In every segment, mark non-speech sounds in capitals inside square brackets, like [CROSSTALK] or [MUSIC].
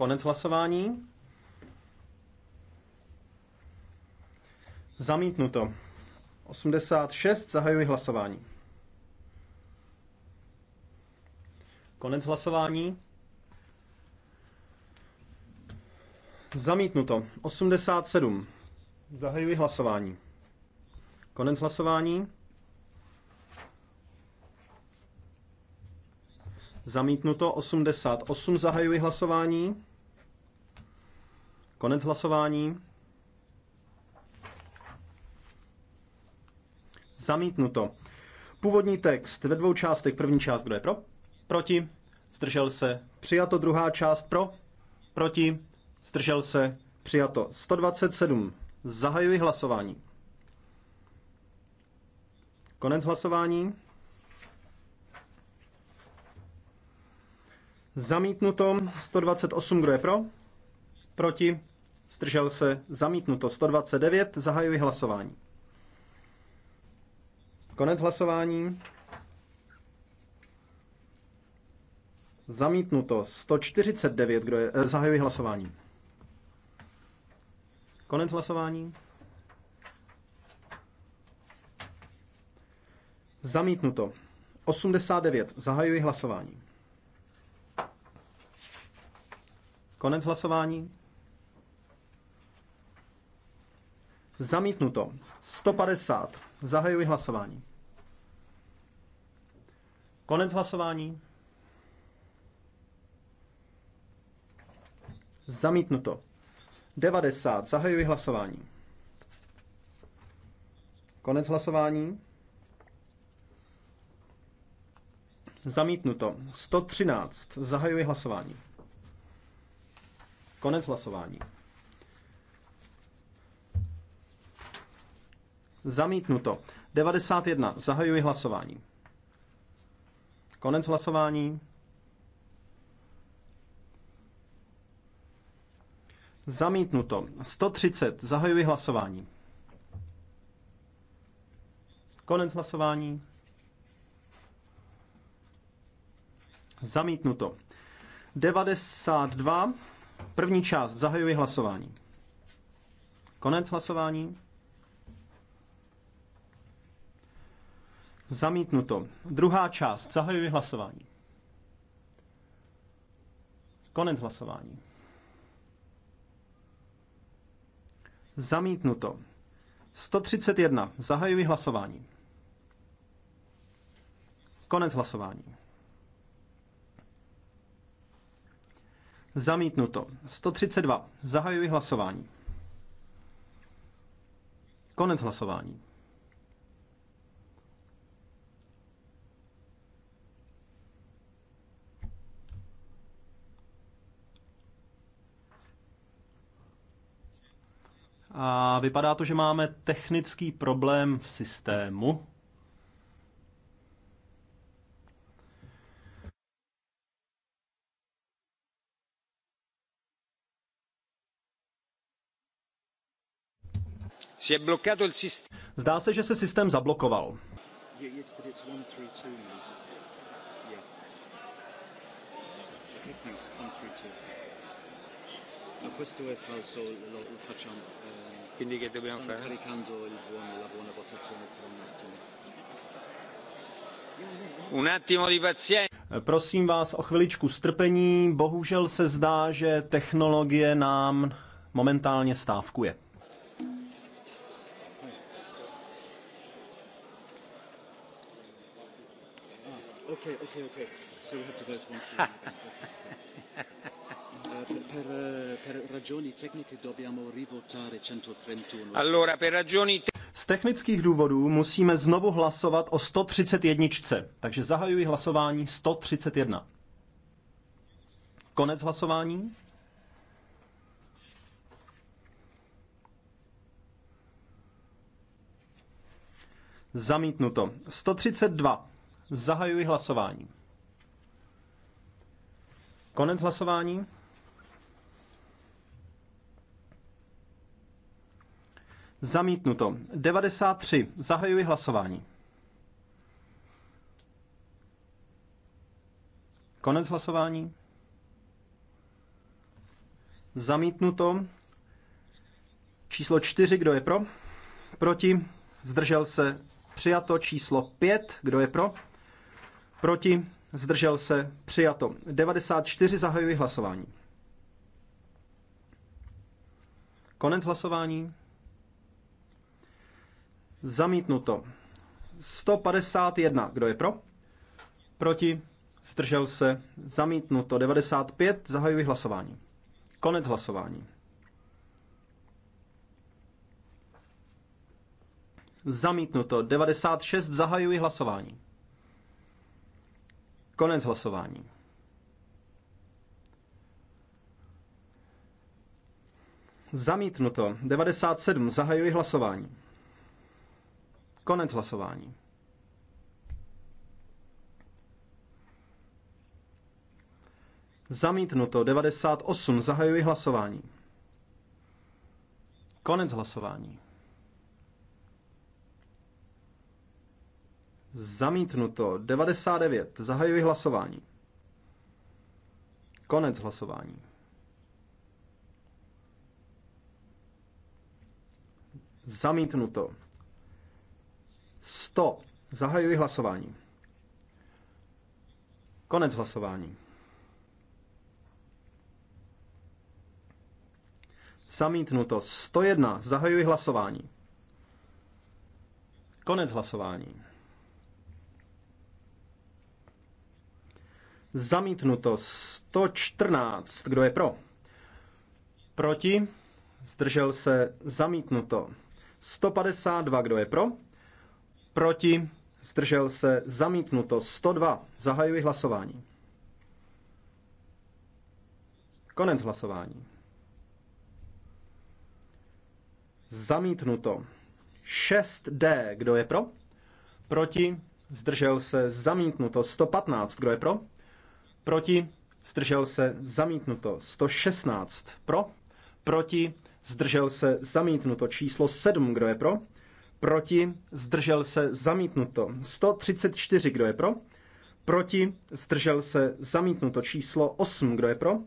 Konec hlasování. Zamítnuto. 86. Zahajuji hlasování. Konec hlasování. Zamítnuto. 87. Zahajuji hlasování. Konec hlasování. Zamítnuto 88. Zahajuji hlasování. Konec hlasování. Zamítnuto. Původní text ve dvou částech. První část, kdo je pro? Proti. Zdržel se. Přijato. Druhá část pro? Proti. Zdržel se. Přijato. 127. Zahajuji hlasování. Konec hlasování. Zamítnuto 128, kdo je pro? Proti? zdržel se, zamítnuto. 129, zahajuji hlasování. Konec hlasování. Zamítnuto 149, kdo je, eh, zahajuji hlasování. Konec hlasování. Zamítnuto 89, zahajuji hlasování. Konec hlasování. Zamítnuto. 150. Zahajuji hlasování. Konec hlasování. Zamítnuto. 90. Zahajuji hlasování. Konec hlasování. Zamítnuto. 113. Zahajuji hlasování. Konec hlasování. Zamítnuto. 91. Zahajuji hlasování. Konec hlasování. Zamítnuto. 130. Zahajuji hlasování. Konec hlasování. Zamítnuto. 92. První část. Zahajuji hlasování. Konec hlasování. Zamítnuto. Druhá část. Zahajuji hlasování. Konec hlasování. Zamítnuto. 131. Zahajuji hlasování. Konec hlasování. Zamítnuto. 132. Zahajuji hlasování. Konec hlasování. A vypadá to, že máme technický problém v systému. Zdá se, že se systém zablokoval. No, questo è falso, lo facciamo. Eh, Quindi che dobbiamo fare? caricando il buon, la buona votazione tra un attimo. Un attimo di pazienza. Eh, prosím vás o chviličku strpení. Bohužel se zdá, že technologie nám momentálně stávkuje. Ah, okay, okay, okay. So we have to vote one. [LAUGHS] per, per ragioni tecniche dobbiamo rivotare 131. Allora, per ragioni Z technických důvodů musíme znovu hlasovat o 131. Takže zahajuji hlasování 131. Konec hlasování. Zamítnuto. 132. Zahajuji hlasování. Konec hlasování. Zamítnuto. 93. Zahajuji hlasování. Konec hlasování. Zamítnuto. Číslo 4, kdo je pro? Proti. Zdržel se. Přijato. Číslo 5, kdo je pro? Proti. Zdržel se. Přijato. 94. Zahajuji hlasování. Konec hlasování. Zamítnuto. 151. Kdo je pro? Proti? Zdržel se? Zamítnuto. 95. Zahajuji hlasování. Konec hlasování. Zamítnuto. 96. Zahajuji hlasování. Konec hlasování. Zamítnuto. 97. Zahajuji hlasování. Konec hlasování. Zamítnuto 98. Zahajuji hlasování. Konec hlasování. Zamítnuto 99. Zahajuji hlasování. Konec hlasování. Zamítnuto 100. Zahajuji hlasování. Konec hlasování. Zamítnuto. 101. Zahajuji hlasování. Konec hlasování. Zamítnuto. 114. Kdo je pro? Proti? Zdržel se. Zamítnuto. 152. Kdo je pro? proti, zdržel se, zamítnuto 102. Zahajuji hlasování. Konec hlasování. Zamítnuto 6D. Kdo je pro? Proti, zdržel se, zamítnuto 115. Kdo je pro? Proti, zdržel se, zamítnuto 116. Pro? Proti, zdržel se, zamítnuto číslo 7. Kdo je pro? proti, zdržel se, zamítnuto. 134, kdo je pro, proti, zdržel se, zamítnuto. Číslo 8, kdo je pro,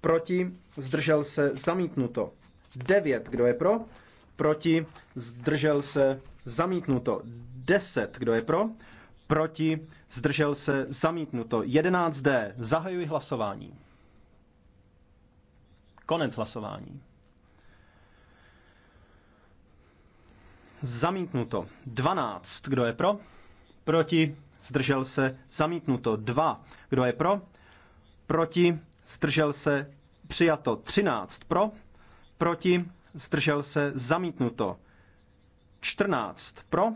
proti, zdržel se, zamítnuto. 9, kdo je pro, proti, zdržel se, zamítnuto. 10, kdo je pro, proti, zdržel se, zamítnuto. 11D, zahajuji hlasování. Konec hlasování. Zamítnuto. 12. Kdo je pro? Proti. Zdržel se. Zamítnuto. 2. Kdo je pro? Proti. Zdržel se. Přijato. 13. Pro? Proti. Zdržel se. Zamítnuto. 14. Pro?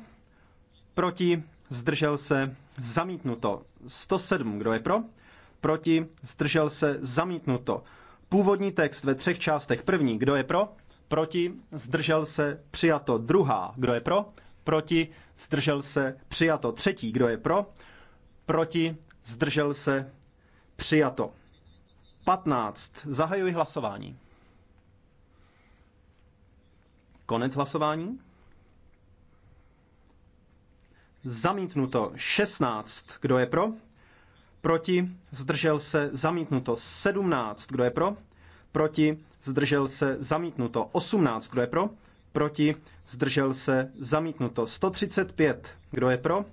Proti. Zdržel se. Zamítnuto. 107. Kdo je pro? Proti. Zdržel se. Zamítnuto. Původní text ve třech částech. První. Kdo je pro? proti, zdržel se, přijato. Druhá, kdo je pro, proti, zdržel se, přijato. Třetí, kdo je pro, proti, zdržel se, přijato. 15. Zahajuji hlasování. Konec hlasování. Zamítnuto 16. Kdo je pro? Proti. Zdržel se. Zamítnuto 17. Kdo je pro? Proti zdržel se, zamítnuto. 18, kdo je pro? Proti, zdržel se, zamítnuto. 135, kdo je pro?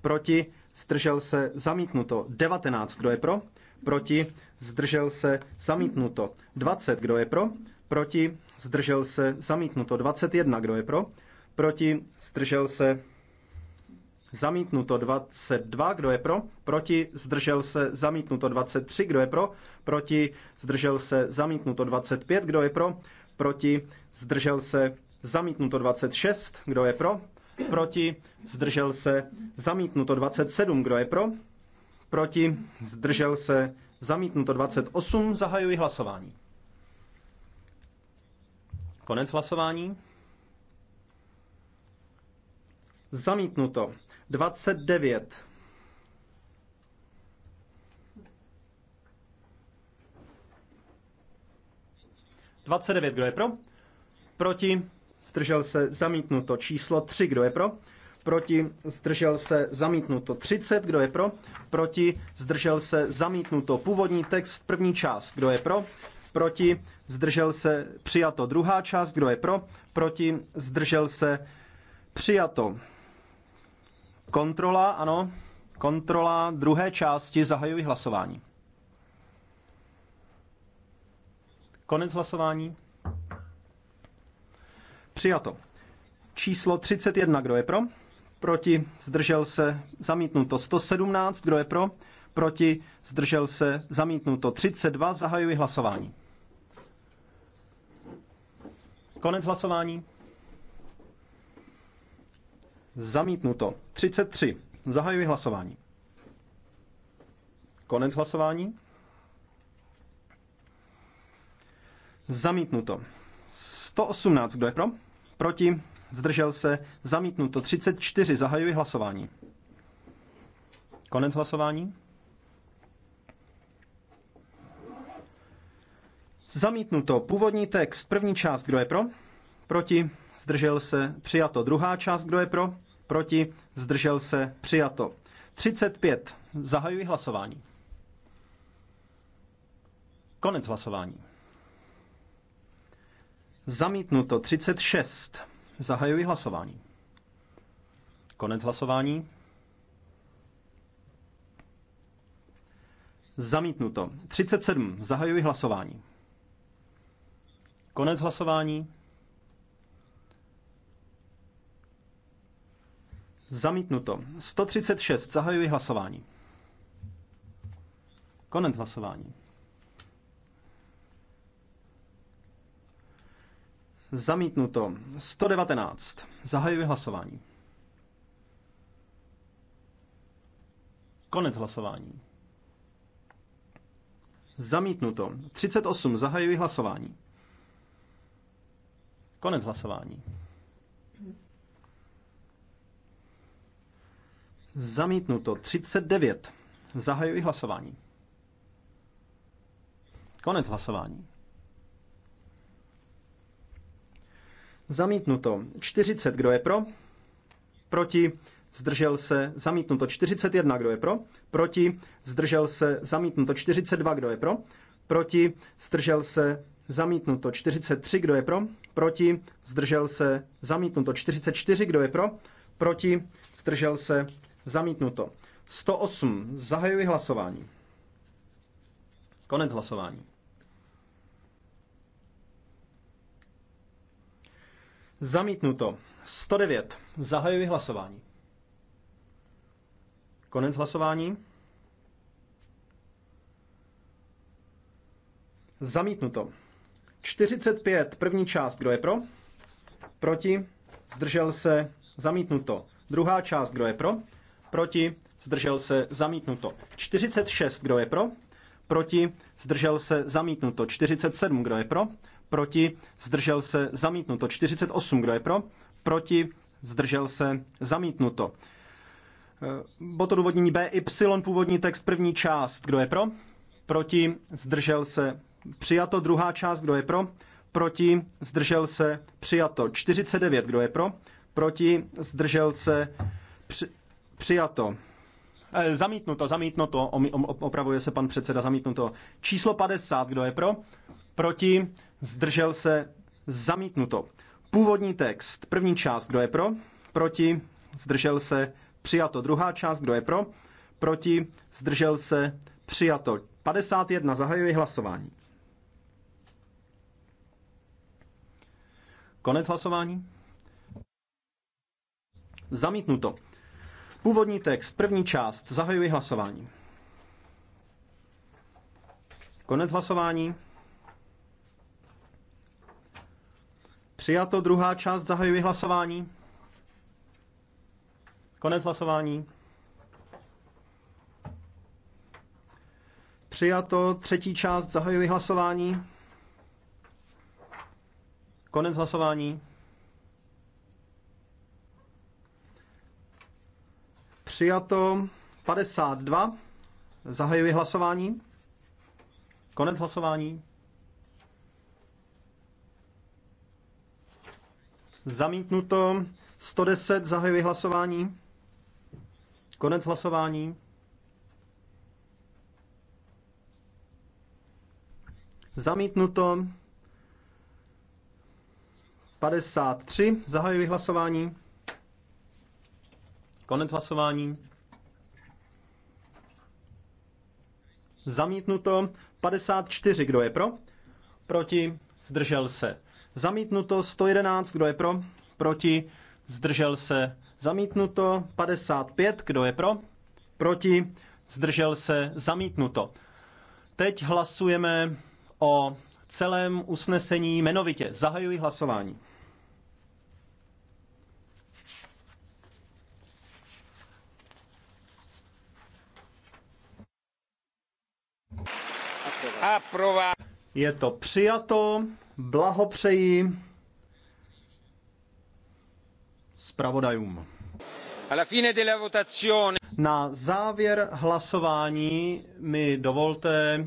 Proti, zdržel se, zamítnuto. 19, kdo je pro? Proti, zdržel se, zamítnuto. 20, kdo je pro? Proti, zdržel se, zamítnuto. 21, kdo je pro? Proti, zdržel se, Zamítnuto 22, kdo je pro? Proti, zdržel se, zamítnuto 23, kdo je pro? Proti, zdržel se, zamítnuto 25, kdo je pro? Proti, zdržel se, zamítnuto 26, kdo je pro? Proti, zdržel se, zamítnuto 27, kdo je pro? Proti, zdržel se, zamítnuto 28, zahajuji hlasování. Konec hlasování. Zamítnuto. 29. Dvacet devět, kdo je pro? Proti, zdržel se, zamítnuto. Číslo tři, kdo je pro? proti, zdržel se, zamítnuto 30, kdo je pro, proti, zdržel se, zamítnuto původní text, první část, kdo je pro, proti, zdržel se, přijato druhá část, kdo je pro, proti, zdržel se, přijato. Kontrola, ano. Kontrola druhé části, zahajuji hlasování. Konec hlasování. Přijato. Číslo 31, kdo je pro? Proti, zdržel se, zamítnuto. 117, kdo je pro? Proti, zdržel se, zamítnuto. 32, zahajuji hlasování. Konec hlasování. Zamítnuto. 33. Zahajuji hlasování. Konec hlasování. Zamítnuto. 118. Kdo je pro? Proti? Zdržel se? Zamítnuto. 34. Zahajuji hlasování. Konec hlasování. Zamítnuto. Původní text. První část. Kdo je pro? Proti? zdržel se, přijato. Druhá část, kdo je pro, proti, zdržel se, přijato. 35. Zahajuji hlasování. Konec hlasování. Zamítnuto 36. Zahajuji hlasování. Konec hlasování. Zamítnuto 37. Zahajuji hlasování. Konec hlasování. Zamítnuto. 136. Zahajuji hlasování. Konec hlasování. Zamítnuto. 119. Zahajuji hlasování. Konec hlasování. Zamítnuto. 38. Zahajuji hlasování. Konec hlasování. Zamítnuto 39. Zahajuji hlasování. Konec hlasování. Zamítnuto 40. Kdo je pro? Proti. Zdržel se. Zamítnuto 41. Kdo je pro? Proti. Zdržel se. Zamítnuto 42. Kdo je pro? Proti. Zdržel se. Zamítnuto 43. Kdo je pro? Proti. Zdržel se. Zamítnuto 44. Kdo je pro? Proti. Zdržel se. Zamítnuto. 108. Zahajuji hlasování. Konec hlasování. Zamítnuto. 109. Zahajuji hlasování. Konec hlasování. Zamítnuto. 45. První část. Kdo je pro? Proti? Zdržel se? Zamítnuto. Druhá část. Kdo je pro? Proti? Zdržel se? Zamítnuto. 46. Kdo je pro? Proti? Zdržel se? Zamítnuto. 47. Kdo je pro? Proti? Zdržel se? Zamítnuto. 48. Kdo je pro? Proti? Zdržel se? Zamítnuto. Eh, bod odůvodnění BY, původní text, první část. Kdo je pro? Proti? Zdržel se? Přijato. Druhá část. Kdo je pro? Proti? Zdržel se? Přijato. 49. Kdo je pro? Proti? Zdržel se? Při... Přijato. E, zamítnuto, zamítnuto, opravuje se pan předseda, zamítnuto. Číslo 50, kdo je pro? Proti, zdržel se, zamítnuto. Původní text, první část, kdo je pro? Proti, zdržel se, přijato. Druhá část, kdo je pro? Proti, zdržel se, přijato. 51, zahajuji hlasování. Konec hlasování. Zamítnuto. Původní text, první část, zahajuji hlasování. Konec hlasování. Přijato druhá část, zahajuji hlasování. Konec hlasování. Přijato třetí část, zahajuji hlasování. Konec hlasování. Přijato 52. Zahajuji hlasování. Konec hlasování. Zamítnuto 110. Zahajuji hlasování. Konec hlasování. Zamítnuto 53. Zahajuji hlasování. Konec hlasování. Zamítnuto 54, kdo je pro? Proti, zdržel se. Zamítnuto 111, kdo je pro? Proti, zdržel se. Zamítnuto 55, kdo je pro? Proti, zdržel se. Zamítnuto. Teď hlasujeme o celém usnesení jmenovitě. Zahajuji hlasování. Je to přijato, blahopřeji zpravodajům. Na závěr hlasování mi dovolte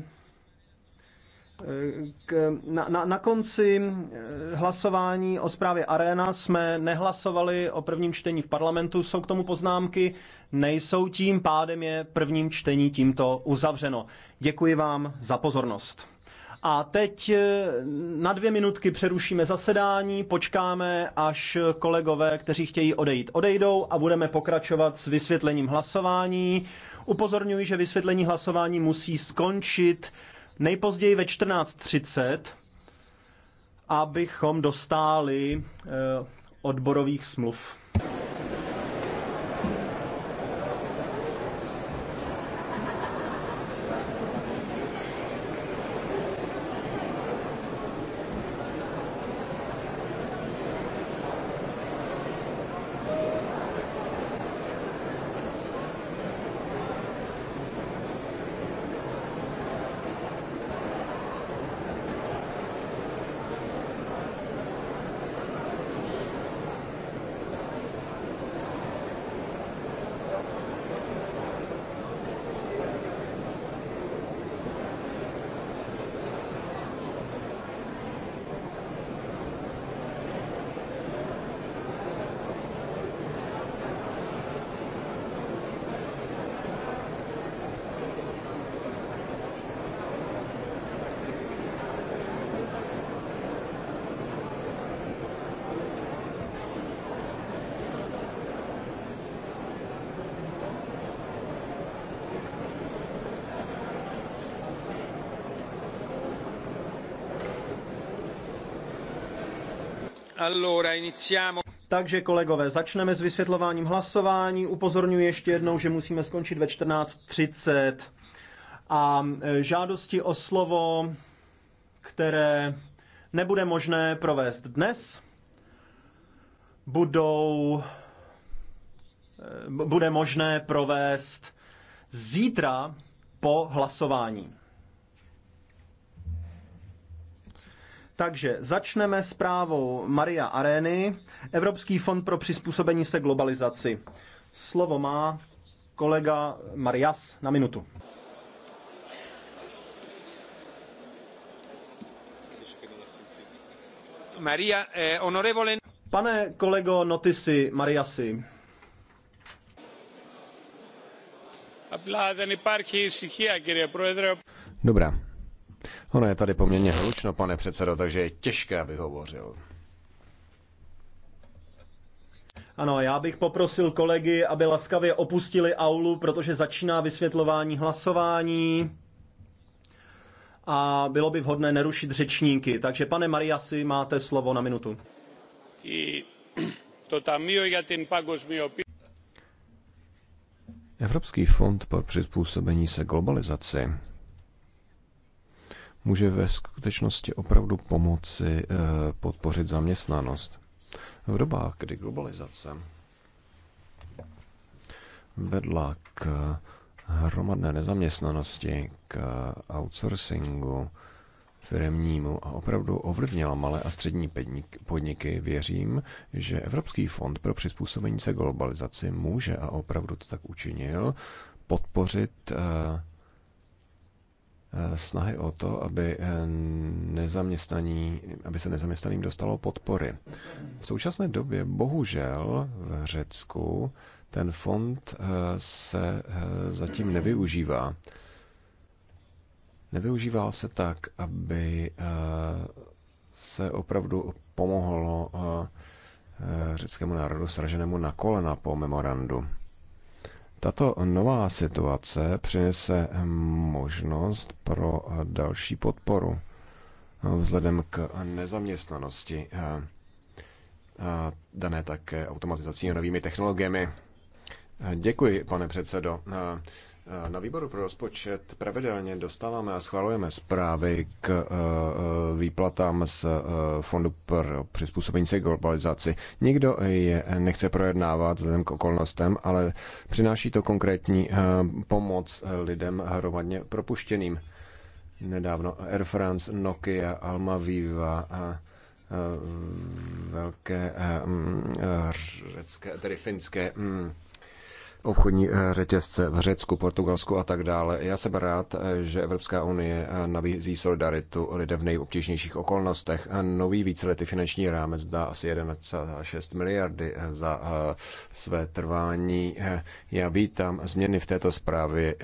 k, na, na, na konci eh, hlasování o zprávě Arena jsme nehlasovali o prvním čtení v parlamentu, jsou k tomu poznámky, nejsou tím pádem je prvním čtení tímto uzavřeno. Děkuji vám za pozornost. A teď eh, na dvě minutky přerušíme zasedání, počkáme, až kolegové, kteří chtějí odejít, odejdou a budeme pokračovat s vysvětlením hlasování. Upozorňuji, že vysvětlení hlasování musí skončit nejpozději ve 14.30, abychom dostáli eh, odborových smluv. Takže kolegové, začneme s vysvětlováním hlasování. Upozorňuji ještě jednou, že musíme skončit ve 14.30. A e, žádosti o slovo, které nebude možné provést dnes, budou, e, bude možné provést zítra po hlasování. Takže začneme s právou Maria Areny, Evropský fond pro přizpůsobení se globalizaci. Slovo má kolega Marias na minutu. Maria, eh, honorevole... Pane kolego Notisi Mariasi, Dobrá. Ono je tady poměrně hlučno, pane předsedo, takže je těžké, aby hovořil. Ano, já bych poprosil kolegy, aby laskavě opustili aulu, protože začíná vysvětlování hlasování a bylo by vhodné nerušit řečníky. Takže pane Mariasi, máte slovo na minutu. Evropský fond pro přizpůsobení se globalizaci může ve skutečnosti opravdu pomoci eh, podpořit zaměstnanost. V dobách, kdy globalizace vedla k eh, hromadné nezaměstnanosti, k eh, outsourcingu firmnímu a opravdu ovlivnila malé a střední podniky, věřím, že Evropský fond pro přizpůsobení se globalizaci může a opravdu to tak učinil, podpořit Eh, snahy o to, aby, eh, nezaměstnaní, aby se nezaměstnaným dostalo podpory. V současné době bohužel v Řecku ten fond eh, se zatím nevyužívá. Nevyužíval se tak, aby se opravdu pomohlo řeckému národu sraženému na kolena po memorandu. Tato nová situace přinese možnost pro další podporu vzhledem k nezaměstnanosti dané také automatizací a novými technologiemi. Děkuji, pane předsedo. Eh, na výboru pro rozpočet pravidelně dostáváme a schvalujeme zprávy k eh, eh, výplatám z Fondu pro přizpůsobení se globalizaci. Nikdo je nechce projednávat vzhledem k okolnostem, ale přináší to konkrétní pomoc lidem hromadně propuštěným. Nedávno Air France, Nokia, Alma Viva a velké mm, řecké, tedy finské mm, obchodní eh, řetězce v Řecku, Portugalsku a tak dále. Já jsem rád, eh, že Evropská unie eh, nabízí solidaritu lidem v nejobtížnějších okolnostech. Nový víceletý finanční rámec dá asi 1,6 miliardy za své trvání. Já vítám změny v této zprávě,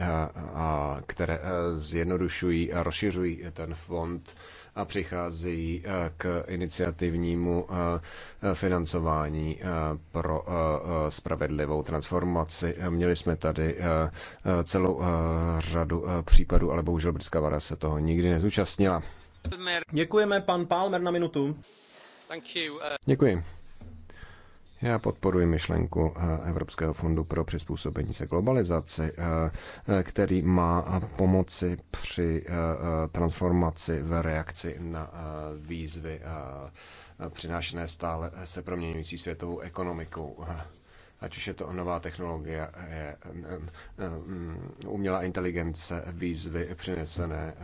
které zjednodušují a rozšiřují ten fond a přicházejí eh, k iniciativnímu eh, financování eh, pro spravedlivou transformaci. Měli jsme tady celou řadu případů, ale bohužel britská vara se toho nikdy nezúčastnila. Děkujeme, pan Palmer, na minutu. Děkuji. Já podporuji myšlenku eh, Evropského fondu pro přizpůsobení se globalizaci, eh, eh, který má pomoci při transformaci v reakci na výzvy přinášené stále se proměňující světovou ekonomikou ať už je to nová technologie, eh, eh, eh, mm, umělá inteligence, výzvy přinesené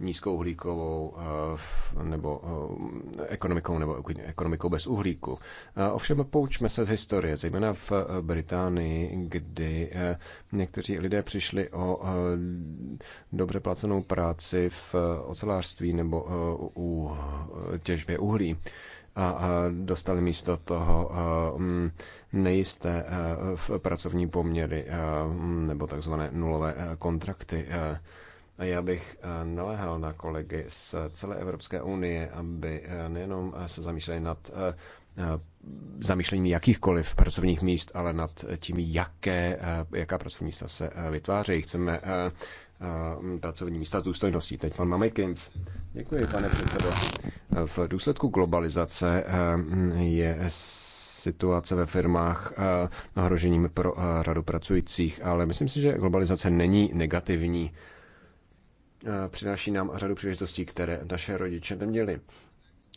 nízkou uhlíkovou nebo ekonomikou nebo ekonomikou bez uhlíku. Ovšem poučme se z historie, zejména v Británii, kdy někteří lidé přišli o dobře placenou práci v ocelářství nebo u těžbě uhlí a dostali místo toho mm, nejisté v pracovní poměry mm, nebo takzvané nulové kontrakty. A já bych naléhal na kolegy z celé Evropské unie, aby nejenom se zamýšleli nad zamýšlením jakýchkoliv pracovních míst, ale nad tím, jaké, jaká pracovní místa se vytvářejí. Chceme Mm, pracovní místa s důstojností. Teď pan Mamekins. Děkuji, pane předsedo. V důsledku globalizace e, mm, je situace ve firmách e, ohrožením pro e, radu pracujících, ale myslím si, že globalizace není negativní. Přináší nám řadu příležitostí, které naše rodiče neměli.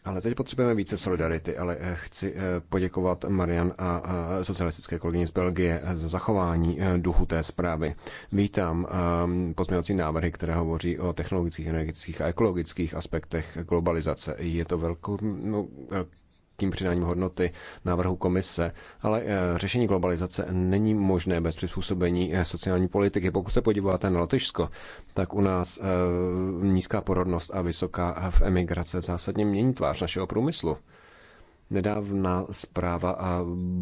Ale teď potřebujeme více solidarity, ale eh, chci eh, poděkovat Marian a socialistické kolegyně z Belgie eh, za zachování duchu té zprávy. Vítám ehm, pozměňovací návrhy, které hovoří o technologických, energetických a ekologických aspektech globalizace. Je to velkou, no, tím přidáním hodnoty návrhu komise, ale eh, řešení globalizace není možné bez přizpůsobení eh, sociální politiky. Pokud se podíváte na Lotyšsko, tak u nás eh, nízká porodnost a vysoká v emigrace zásadně mění tvář našeho průmyslu. Nedávná zpráva a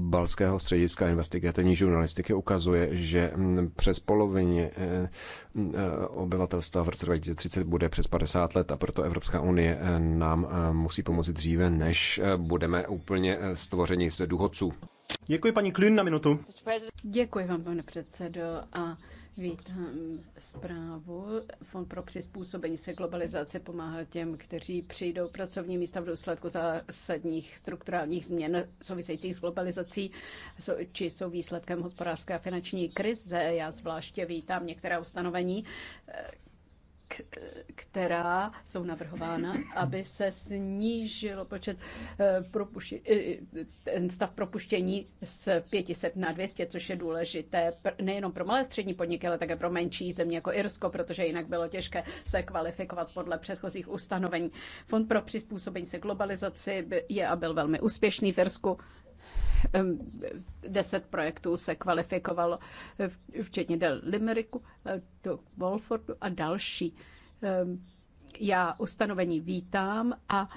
Balského střediska investigativní žurnalistiky ukazuje, že přes polovině eh, eh, obyvatelstva v roce 2030 bude přes 50 let a proto Evropská unie eh, nám musí pomoci dříve, než budeme úplně stvořeni z důchodců. Děkuji paní Klin na minutu. Děkuji vám, pane předsedo. A Vítám zprávu. Fond pro přizpůsobení se globalizaci pomáhá těm, kteří přijdou pracovní místa v důsledku zásadních strukturálních změn souvisejících s globalizací, či jsou výsledkem hospodářské a finanční krize. Já zvláště vítám některá ustanovení, která jsou navrhována, aby se snížil, počet eh, eh, ten stav propuštění z 500 na 200, což je důležité nejenom pro malé střední podniky, ale také pro menší země jako Irsko, protože jinak bylo těžké se kvalifikovat podle předchozích ustanovení. Fond pro přizpůsobení se globalizaci je a byl velmi úspěšný v Irsku. Deset projektů se kvalifikovalo, včetně Del Limericku, eh, do Wolfordu a další. Já ustanovení vítám a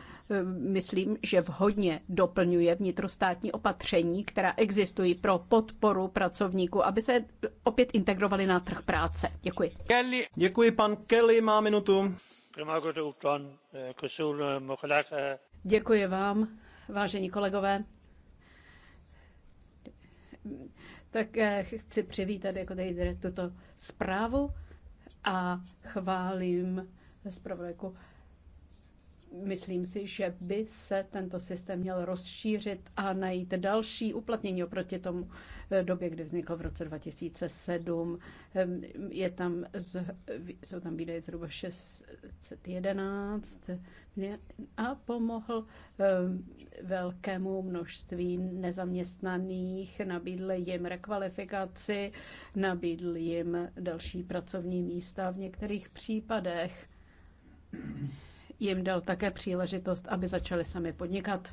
myslím, že vhodně doplňuje vnitrostátní opatření, která existují pro podporu pracovníků, aby se opět integrovali na trh práce. Děkuji. Kelly. Děkuji, pan Kelly má minutu. Děkuji vám, vážení kolegové. Tak eh, chci přivítat jako tady tuto zprávu a chválím zpravodajku Myslím si, že by se tento systém měl rozšířit a najít další uplatnění oproti tomu eh, době, kdy vznikl v roce 2007. Ehm, je tam, z, jsou tam výdaje zhruba 611 a pomohl ehm, velkému množství nezaměstnaných, nabídl jim rekvalifikaci, nabídl jim další pracovní místa v některých případech jim dal také příležitost, aby začali sami podnikat.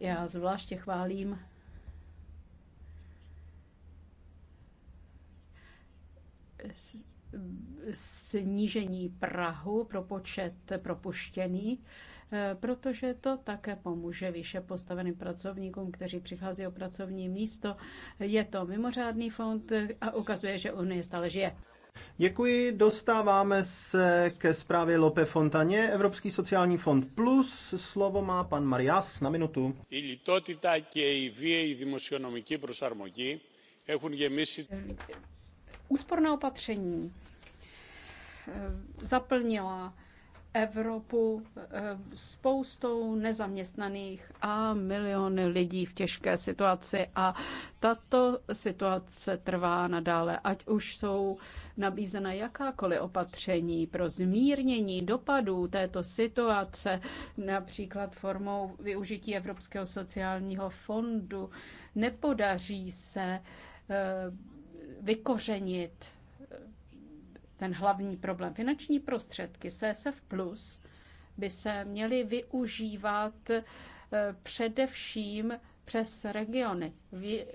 Já zvláště chválím snížení Prahu pro počet propuštěných, protože to také pomůže výše postaveným pracovníkům, kteří přichází o pracovní místo. Je to mimořádný fond a ukazuje, že Unie stále žije. Děkuji. Dostáváme se ke zprávě Lope Fontaně. Evropský sociální fond plus. Slovo má pan Marias na minutu. Úsporná opatření eh, zaplnila Evropu eh, spoustou nezaměstnaných a miliony lidí v těžké situaci a tato situace trvá nadále, ať už jsou nabízena jakákoliv opatření pro zmírnění dopadů této situace, například formou využití Evropského sociálního fondu. Nepodaří se eh, vykořenit eh, ten hlavní problém. Finanční prostředky CSF Plus by se měly využívat eh, především přes regiony.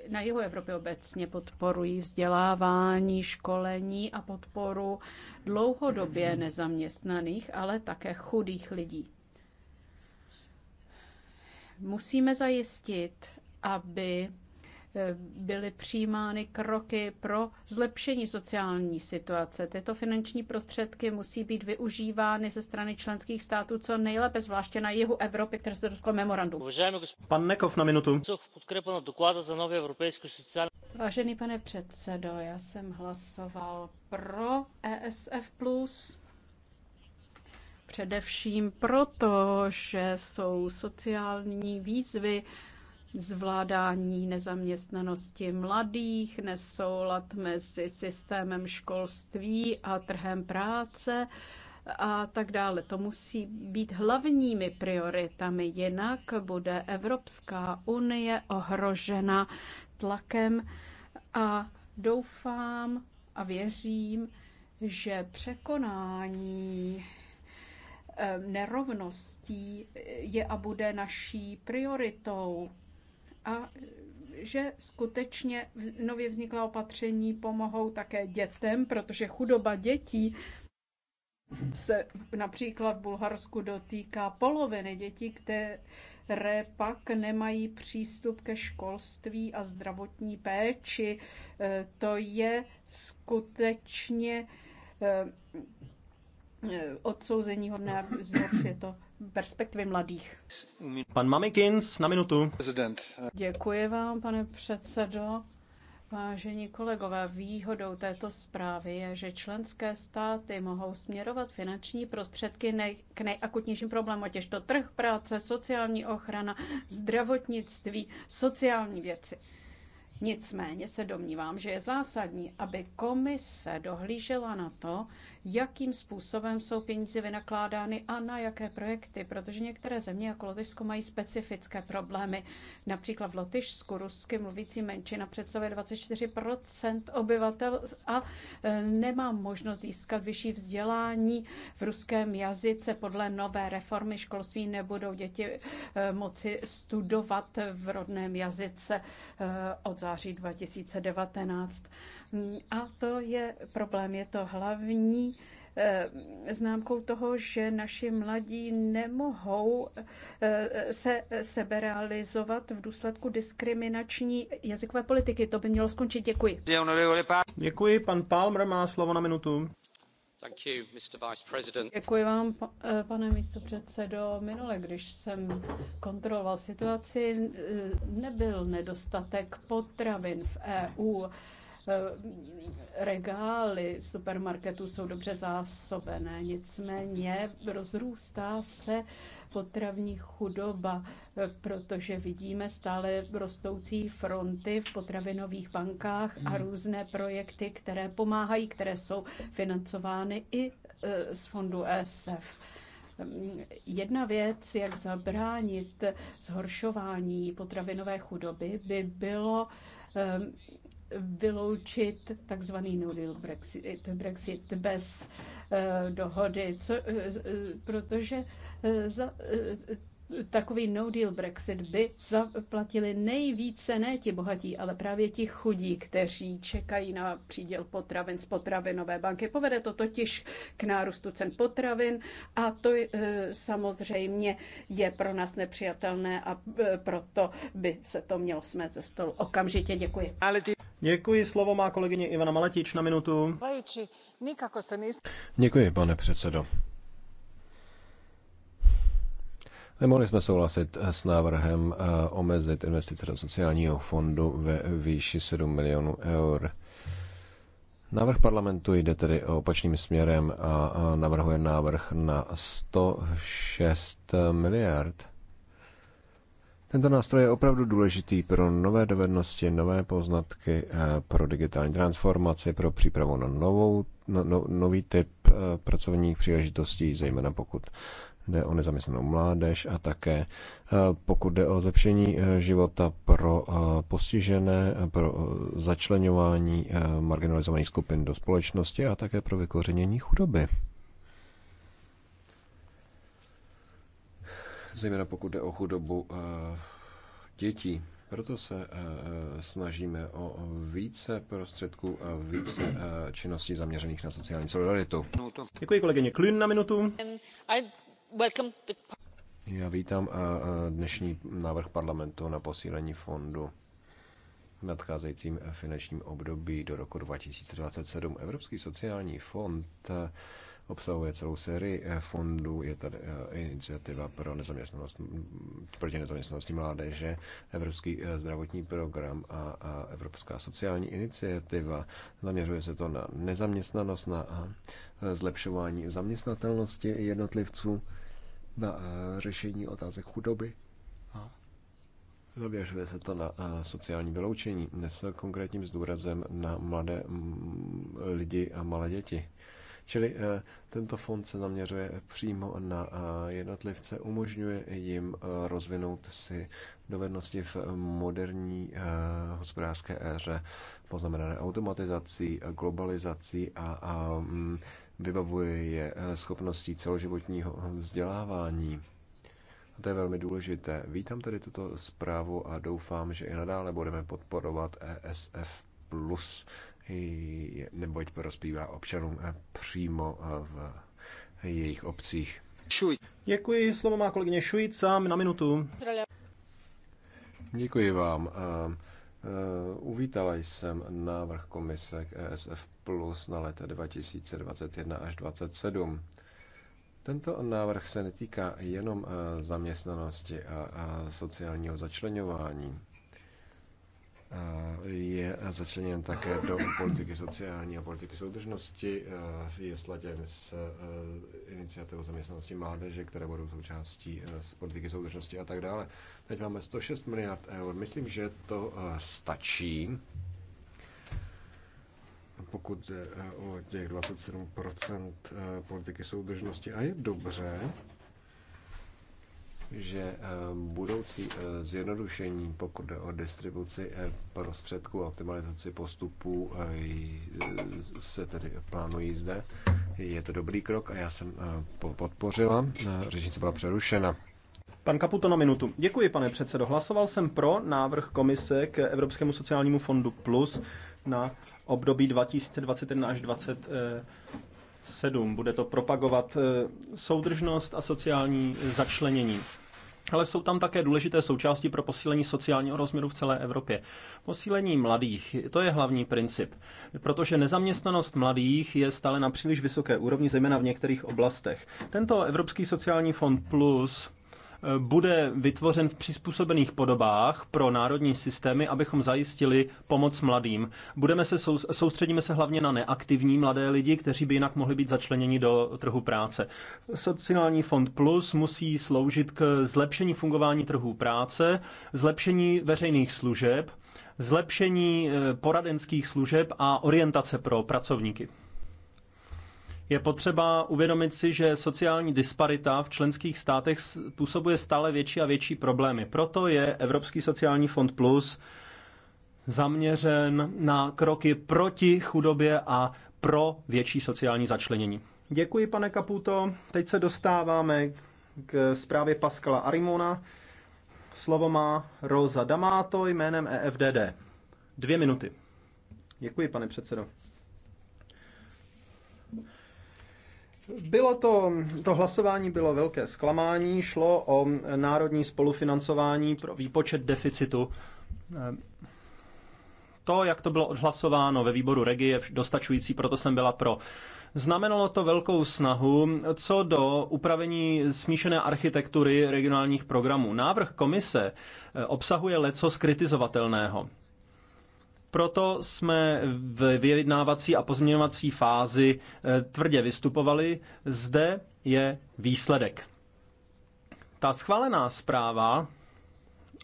Na jihu Evropy obecně podporují vzdělávání, školení a podporu dlouhodobě nezaměstnaných, ale také chudých lidí. Musíme zajistit, aby byly přijímány kroky pro zlepšení sociální situace. Tyto finanční prostředky musí být využívány ze strany členských států co nejlépe, zvláště na jihu Evropy, které se dotklo memorandum. Pan Nekov na minutu. Vážený pane předsedo, já jsem hlasoval pro ESF+, především proto, že jsou sociální výzvy, zvládání nezaměstnanosti mladých, nesoulad mezi systémem školství a trhem práce a tak dále. To musí být hlavními prioritami, jinak bude Evropská unie ohrožena tlakem a doufám a věřím, že překonání eh, nerovností je a bude naší prioritou a že skutečně nově vzniklá opatření pomohou také dětem, protože chudoba dětí se například v Bulharsku dotýká poloviny dětí, které pak nemají přístup ke školství a zdravotní péči. E, to je skutečně e, Eh, odsouzení hodné vzdorž je to perspektivy mladých. Pan Mamikins na minutu. President. Děkuji vám, pane předsedo. Vážení kolegové, výhodou této zprávy je, že členské státy mohou směrovat finanční prostředky nej- k nejakutnějším problémům, těž to trh práce, sociální ochrana, zdravotnictví, sociální věci. Nicméně se domnívám, že je zásadní, aby komise dohlížela na to, jakým způsobem jsou peníze vynakládány a na jaké projekty, protože některé země jako Lotyšsko mají specifické problémy. Například v Lotyšsku rusky mluvící menšina představuje 24 obyvatel a e, nemá možnost získat vyšší vzdělání v ruském jazyce. Podle nové reformy školství nebudou děti e, moci studovat v rodném jazyce e, od září 2019. A to je problém, je to hlavní Eh, známkou toho, že naši mladí nemohou eh, se seberealizovat v důsledku diskriminační jazykové politiky. To by mělo skončit. Děkuji. Děkuji. Pan Palmer má slovo na minutu. Děkuji vám, eh, pane místopředsedo. Minule, když jsem kontroloval situaci, nebyl nedostatek potravin v EU Eh, regály supermarketů jsou dobře zásobené, nicméně rozrůstá se potravní chudoba, eh, protože vidíme stále rostoucí fronty v potravinových bankách a hmm. různé projekty, které pomáhají, které jsou financovány i eh, z fondu ESF. Jedna věc, jak zabránit zhoršování potravinové chudoby, by bylo vyloučit takzvaný no deal Brexit, Brexit bez eh, dohody, co, eh, eh, protože za, takový no deal Brexit by zaplatili nejvíce ne ti bohatí, ale právě ti chudí, kteří čekají na příděl potravin z potravinové banky. Povede to totiž k nárůstu cen potravin a to e, samozřejmě je pro nás nepřijatelné a e, proto by se to mělo smet ze stolu. Okamžitě děkuji. Ale Děkuji, slovo má kolegyně Ivana Maletič na minutu. Děkuji, pane předsedo. Nemohli jsme souhlasit s návrhem eh, omezit investice do sociálního fondu ve výši 7 milionů eur. Návrh parlamentu jde tedy opačným směrem a navrhuje návrh na 106 miliard. Tento nástroj je opravdu důležitý pro nové dovednosti, nové poznatky, eh, pro digitální transformaci, pro přípravu na novou, no, no, nový typ eh, pracovních příležitostí, zejména pokud jde o nezaměstnanou mládež a také eh, pokud jde o zlepšení eh, života pro eh, postižené, pro začlenování marginalizovaných skupin do společnosti a také pro vykořenění chudoby. Zejména pokud jde o chudobu dětí. Proto se snažíme o více prostředků a více činností zaměřených na sociální solidaritu. Děkuji kolegyně Klin na minutu. Já vítám dnešní návrh parlamentu na posílení fondu v nadcházejícím finančním období do roku 2027. Evropský sociální fond obsahuje celou sérii eh, fondů. Je tady eh, iniciativa pro nezaměstnanost, proti nezaměstnanosti mládeže, Evropský eh, zdravotní program a, a Evropská sociální iniciativa. Zaměřuje se to na nezaměstnanost, na zlepšování zaměstnatelnosti jednotlivců, na řešení otázek chudoby. A Zaměřuje se to na sociální vyloučení, s konkrétním zdůrazem na mladé mm, lidi a malé děti. Čili eh, tento fond se zaměřuje přímo na eh, jednotlivce, umožňuje jim eh, rozvinout si dovednosti v moderní hospodářské éře, poznamenané automatizací, globalizací a mm, vybavuje je schopností celoživotního vzdělávání. A to je velmi důležité. Vítám tady tuto zprávu a doufám, že i nadále budeme podporovat ESF plus neboť prospívá občanům eh, přímo eh, v jejich obcích. Šuj. Děkuji, slovo má kolegyně Šujic, sám na minutu. Děkuji vám. Eh, uvítala jsem návrh komise k ESF Plus na let 2021 až 2027. Tento návrh se netýká jenom zaměstnanosti a sociálního začlenování je začleněn také do politiky sociální a politiky soudržnosti, je sladěn s eh, iniciativou zaměstnanosti mládeže, které budou součástí z eh, politiky soudržnosti a tak dále. Teď máme 106 miliard eur. Myslím, že to eh, stačí pokud jde o těch 27% politiky soudržnosti a je dobře, že eh, budoucí eh, zjednodušení, pokud jde o distribuci eh, prostředků a optimalizaci postupů, se tedy plánují zde. Je to dobrý krok a já jsem podpořila. Řečnice byla přerušena. Pan Kaputo na minutu. Děkuji, pane předsedo. Hlasoval jsem pro návrh komise k Evropskému sociálnímu fondu Plus na období 2021 až 20 7. Bude to propagovat eh, soudržnost a sociální eh, začlenění. Ale jsou tam také důležité součásti pro posílení sociálního rozměru v celé Evropě. Posílení mladých, to je hlavní princip, protože nezaměstnanost mladých je stále na příliš vysoké úrovni, zejména v některých oblastech. Tento Evropský sociální fond plus bude vytvořen v přizpůsobených podobách pro národní systémy, abychom zajistili pomoc mladým. Budeme se soustředíme se hlavně na neaktivní mladé lidi, kteří by jinak mohli být začleněni do trhu práce. Sociální fond Plus musí sloužit k zlepšení fungování trhu práce, zlepšení veřejných služeb, zlepšení eh, poradenských služeb a orientace pro pracovníky. Je potřeba uvědomit si, že sociální disparita v členských státech působuje stále větší a větší problémy. Proto je Evropský sociální fond Plus zaměřen na kroky proti chudobě a pro větší sociální začlenění. Děkuji, pane Kaputo. Teď se dostáváme k zprávě Paskala Arimona. Slovo má Rosa Damato jménem EFDD. Dvě minuty. Děkuji, pane předsedo. Bylo to, to hlasování bylo velké zklamání, šlo o národní spolufinancování pro výpočet deficitu. Eh, to, jak to bylo odhlasováno ve výboru Regie, je dostačující, proto jsem byla pro. Znamenalo to velkou snahu co do upravení smíšené architektury regionálních programů. Návrh komise eh, obsahuje leco skritizovatelného. Proto jsme v vyjednávací a pozměňovací fázi eh, tvrdě vystupovali. Zde je výsledek. Ta schválená zpráva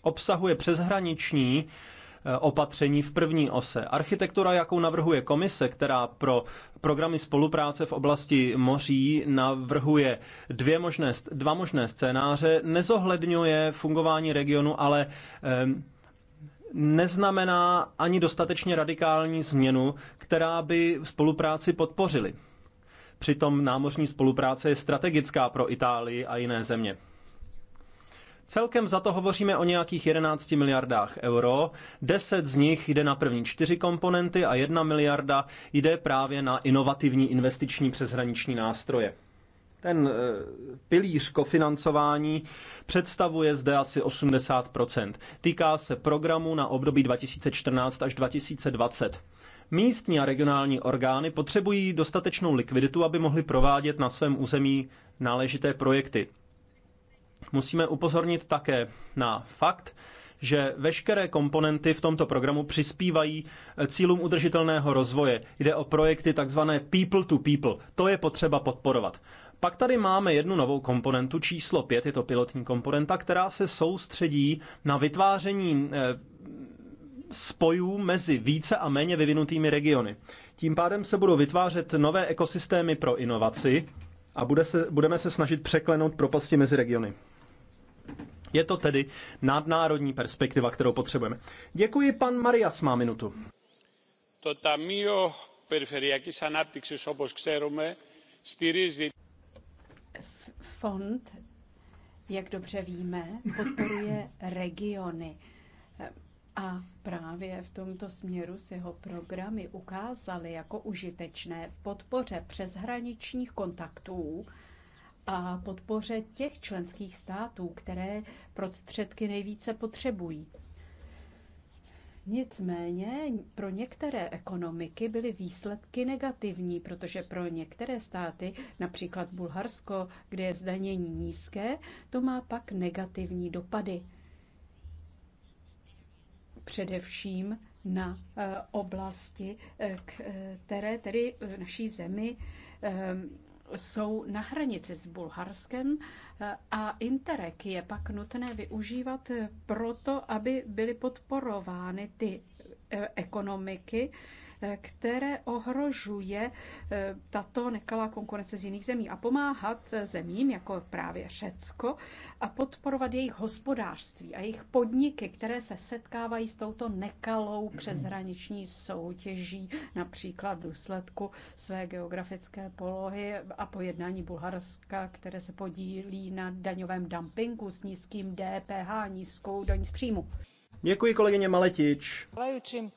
obsahuje přeshraniční eh, opatření v první ose. Architektura, jakou navrhuje komise, která pro programy spolupráce v oblasti moří navrhuje dvě možné, dva možné scénáře, nezohledňuje fungování regionu, ale eh, neznamená ani dostatečně radikální změnu, která by spolupráci podpořili. Přitom námořní spolupráce je strategická pro Itálii a jiné země. Celkem za to hovoříme o nějakých 11 miliardách euro. 10 z nich jde na první čtyři komponenty a 1 miliarda jde právě na inovativní investiční přeshraniční nástroje. Ten e, pilíř kofinancování představuje zde asi 80 Týká se programu na období 2014 až 2020. Místní a regionální orgány potřebují dostatečnou likviditu, aby mohly provádět na svém území náležité projekty. Musíme upozornit také na fakt, že veškeré komponenty v tomto programu přispívají e, cílům udržitelného rozvoje. Jde o projekty tzv. people to people. To je potřeba podporovat. Pak tady máme jednu novou komponentu, číslo 5, je to pilotní komponenta, která se soustředí na vytváření eh, spojů mezi více a méně vyvinutými regiony. Tím pádem se budou vytvářet nové ekosystémy pro inovaci a bude se, budeme se snažit překlenout propasti mezi regiony. Je to tedy nadnárodní perspektiva, kterou potřebujeme. Děkuji, pan Marias má minutu. To Tamio periferiakis anaptixis, όπως ξέρουμε, στηρίζει fond, jak dobře víme, podporuje regiony. A právě v tomto směru se jeho programy ukázaly jako užitečné v podpoře přeshraničních kontaktů a podpoře těch členských států, které prostředky nejvíce potřebují. Nicméně pro některé ekonomiky byly výsledky negativní, protože pro některé státy, například Bulharsko, kde je zdanění nízké, to má pak negativní dopady. Především na eh, oblasti, eh, eh, které tedy v naší zemi jsou na hranici s Bulharskem a Interreg je pak nutné využívat proto, aby byly podporovány ty eh, ekonomiky, které ohrožuje eh, tato nekalá konkurence z jiných zemí a pomáhat zemím, jako právě Řecko, a podporovat jejich hospodářství a jejich podniky, které se setkávají s touto nekalou přeshraniční soutěží, například v důsledku své geografické polohy a pojednání Bulharska, které se podílí na daňovém dumpingu s nízkým DPH, nízkou daň z příjmu. Děkuji kolegyně Maletič. Děkuji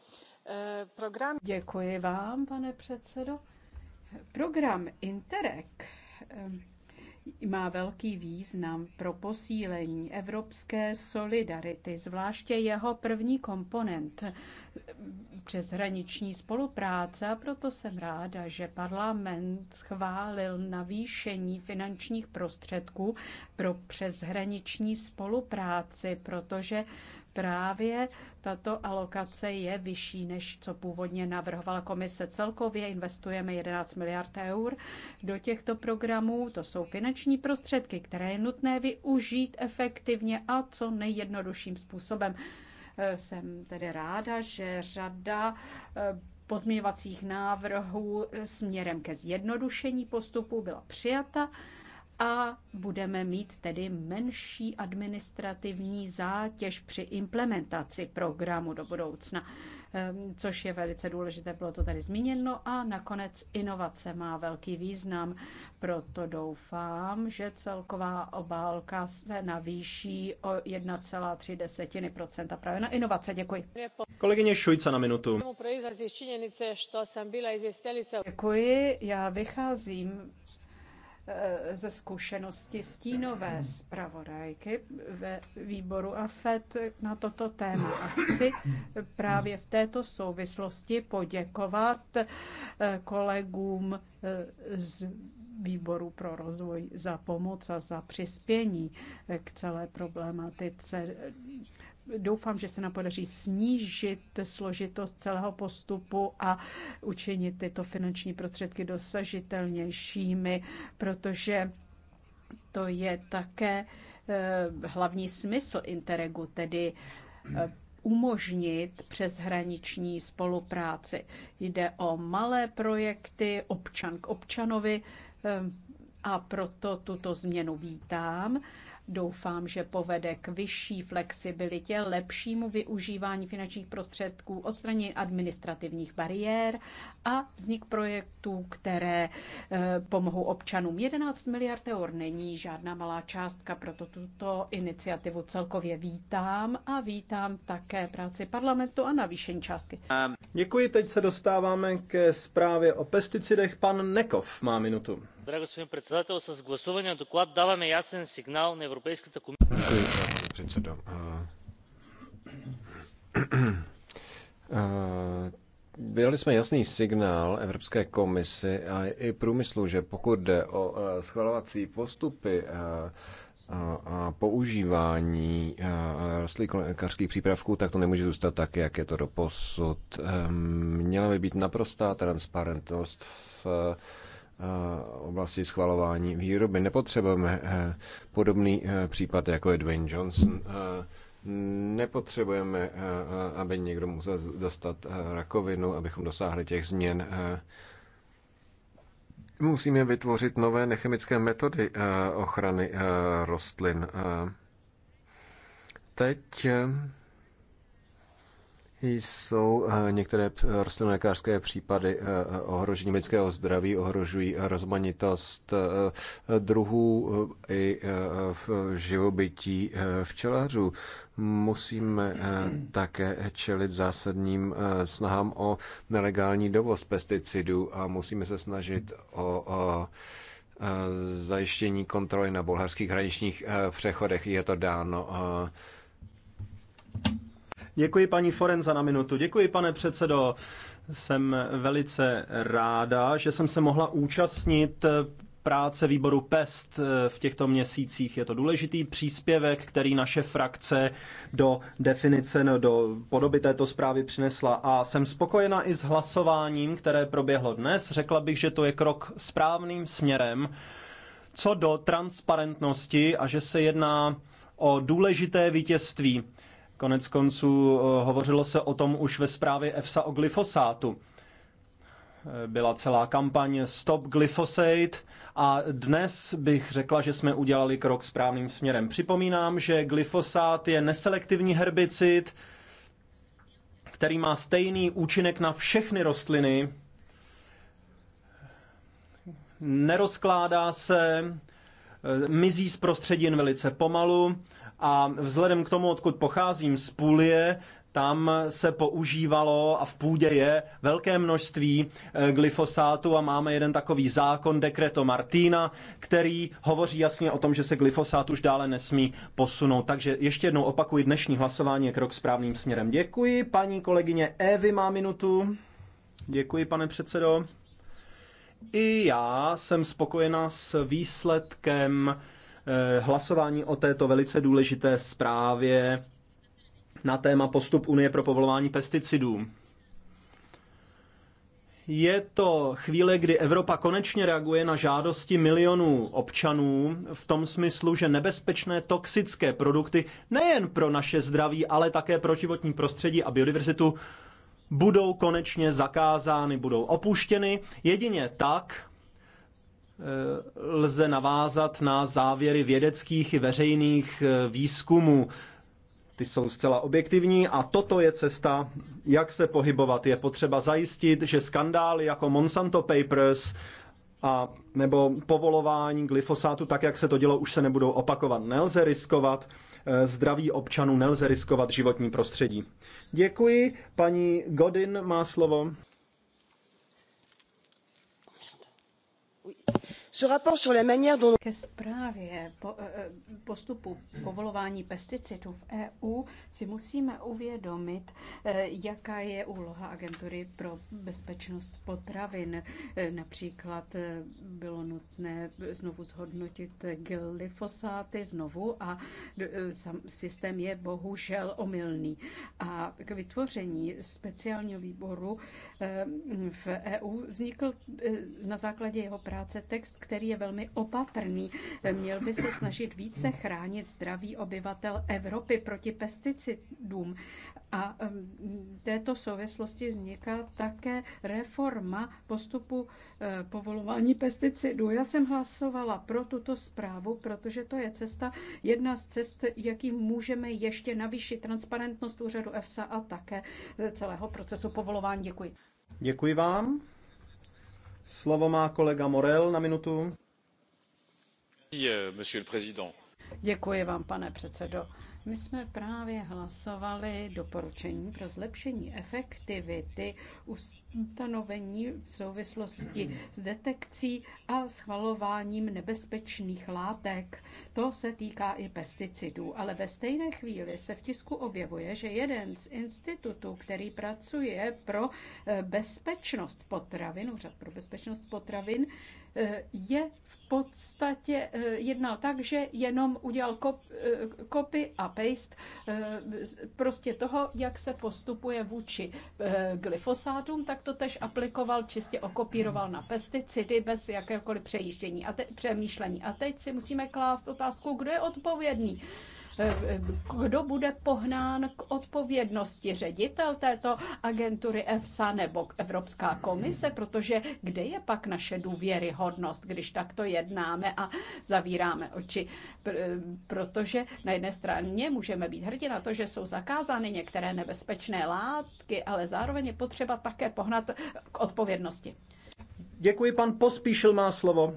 Děkuji vám, pane předsedo. Program Interreg eh, má velký význam pro posílení evropské solidarity, zvláště jeho první komponent eh, přeshraniční spolupráce a proto jsem ráda, že parlament schválil navýšení finančních prostředků pro přeshraniční spolupráci, protože právě tato alokace je vyšší, než co původně navrhovala komise. Celkově investujeme 11 miliard eur do těchto programů. To jsou finanční prostředky, které je nutné využít efektivně a co nejjednodušším způsobem. Eh, jsem tedy ráda, že řada eh, pozměňovacích návrhů eh, směrem ke zjednodušení postupu byla přijata a budeme mít tedy menší administrativní zátěž při implementaci programu do budoucna, ehm, což je velice důležité, bylo to tady zmíněno. A nakonec inovace má velký význam, proto doufám, že celková obálka se navýší o 1,3 právě na inovace. Děkuji. Kolegyně Šujca na minutu. Děkuji, já vycházím Eh, ze zkušenosti stínové zpravodajky ve výboru AFET na toto téma. A chci právě v této souvislosti poděkovat eh, kolegům eh, z výboru pro rozvoj za pomoc a za přispění k celé problematice. Doufám, že se nám podaří snížit složitost celého postupu a učinit tyto finanční prostředky dosažitelnějšími, protože to je také eh, hlavní smysl Interregu, tedy eh, umožnit přeshraniční spolupráci. Jde o malé projekty občan k občanovi, Ehm, a proto tuto změnu vítám. Doufám, že povede k vyšší flexibilitě, lepšímu využívání finančních prostředků, odstranění administrativních bariér a vznik projektů, které ehm, pomohou občanům. 11 miliard eur není žádná malá částka, proto tuto iniciativu celkově vítám a vítám také práci parlamentu a navýšení částky. Děkuji, teď se dostáváme ke zprávě o pesticidech. Pan Nekov má minutu господин председател с гласувания доклад даваме ясен сигнал на европейската vydali jsme jasný signál Evropské komisi a i průmyslu, že pokud jde o schvalovací postupy a používání rostlíkařských přípravků, tak to nemůže zůstat tak, jak je to do posud. Ehm, měla by být naprostá transparentnost v Eh, oblasti schvalování výroby. Nepotřebujeme eh, podobný eh, případ, jako je Dwayne Johnson. Nepotřebujeme, aby někdo musel dostat rakovinu, abychom dosáhli těch změn. Musíme vytvořit nové nechemické metody ochrany rostlin. Teď jsou eh, některé eh, rostlinolékařské případy eh, ohrožení lidského zdraví, ohrožují rozmanitost druhů i v živobytí včelařů. Musíme také čelit zásadním snahám o nelegální dovoz pesticidů a musíme se snažit o zajištění kontroly na bulharských hraničních přechodech. Je to dáno Děkuji paní Forenza na minutu. Děkuji pane předsedo. Jsem velice ráda, že jsem se mohla účastnit práce výboru PEST v těchto měsících. Je to důležitý příspěvek, který naše frakce do definice, no, do podoby této zprávy přinesla. A jsem spokojena i s hlasováním, které proběhlo dnes. Řekla bych, že to je krok správným směrem co do transparentnosti a že se jedná o důležité vítězství Konec konců eh, hovořilo se o tom už ve zprávě EFSA o glyfosátu. Eh, byla celá kampaň Stop Glyphosate a dnes bych řekla, že jsme udělali krok správným směrem. Připomínám, že glyfosát je neselektivní herbicid, který má stejný účinek na všechny rostliny. Nerozkládá se, eh, mizí z prostředin velice pomalu a vzhledem k tomu, odkud pocházím, z Půlie, tam se používalo a v půdě je velké množství eh, glyfosátu a máme jeden takový zákon dekreto Martina, který hovoří jasně o tom, že se glyfosát už dále nesmí posunout. Takže ještě jednou opakuji, dnešní hlasování je krok správným směrem. Děkuji, paní kolegyně Evy má minutu. Děkuji, pane předsedo. I já jsem spokojena s výsledkem Eh, hlasování o této velice důležité zprávě na téma postup Unie pro povolování pesticidů. Je to chvíle, kdy Evropa konečně reaguje na žádosti milionů občanů v tom smyslu, že nebezpečné toxické produkty nejen pro naše zdraví, ale také pro životní prostředí a biodiverzitu budou konečně zakázány, budou opuštěny. Jedině tak Eh, lze navázat na závěry vědeckých i veřejných eh, výzkumů. Ty jsou zcela objektivní a toto je cesta, jak se pohybovat. Je potřeba zajistit, že skandály jako Monsanto Papers a nebo povolování glyfosátu, tak jak se to dělo, už se nebudou opakovat. Nelze riskovat eh, zdraví občanů, nelze riskovat životní prostředí. Děkuji. Paní Godin má slovo. pane předsedající Ce rapport sur la manière dont... Ke zprávě po, eh, eh, postupu povolování pesticidů v EU si musíme uvědomit, eh, jaká je úloha agentury pro bezpečnost potravin. Například bylo nutné znovu zhodnotit glyfosáty znovu a systém je bohužel omylný. A k vytvoření speciálního výboru v EU vznikl na základě jeho práce text, který je velmi opatrný. Měl by se snažit více chránit zdraví obyvatel Evropy proti pesticidům. A um, této souvislosti vzniká také reforma postupu eh, povolování pesticidů. Já jsem hlasovala pro tuto zprávu, protože to je cesta, jedna z cest, jakým můžeme ještě navýšit transparentnost úřadu EFSA a také eh, celého procesu povolování. Děkuji. Děkuji vám. Slovo má kolega Morel na minutu. Euh, Děkuji vám, pane předsedo. My jsme právě hlasovali doporučení pro zlepšení efektivity ustanovení v souvislosti s detekcí a schvalováním nebezpečných látek. To se týká i pesticidů, ale ve stejné chvíli se v tisku objevuje, že jeden z institutů, který pracuje pro eh, bezpečnost potravin, úřad pro bezpečnost potravin, eh, je v podstatě eh, jednal tak, že jenom udělal kopy a paste, eh, prostě toho, jak se postupuje vůči eh, glyfosátům, tak to tež aplikoval, čistě okopíroval na pesticidy bez jakéhokoliv přejíždění a te- přemýšlení. A teď si musíme klást otázku, kdo je odpovědný kdo bude pohnán k odpovědnosti ředitel této agentury EFSA nebo Evropská komise, protože kde je pak naše důvěryhodnost, když takto jednáme a zavíráme oči, protože na jedné straně můžeme být hrdí na to, že jsou zakázány některé nebezpečné látky, ale zároveň je potřeba také pohnat k odpovědnosti. Děkuji, pan Pospíšil má slovo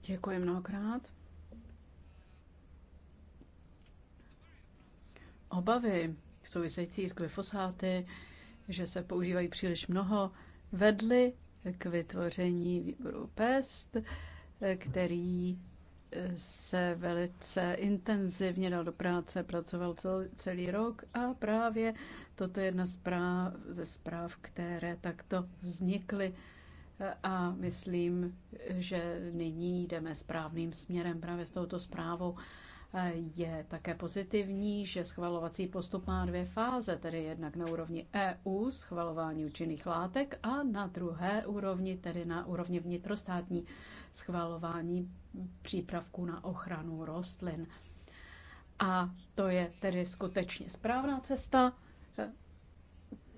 Děkuji mnohokrát. Obavy související s glyfosáty, že se používají příliš mnoho, vedly k vytvoření výboru PEST, který se velice intenzivně dal do práce, pracoval celý rok a právě toto je jedna zpráv, ze zpráv, které takto vznikly a myslím, že nyní jdeme správným směrem právě s touto zprávou. Je také pozitivní, že schvalovací postup má dvě fáze, tedy jednak na úrovni EU schvalování účinných látek a na druhé úrovni, tedy na úrovni vnitrostátní schvalování přípravků na ochranu rostlin. A to je tedy skutečně správná cesta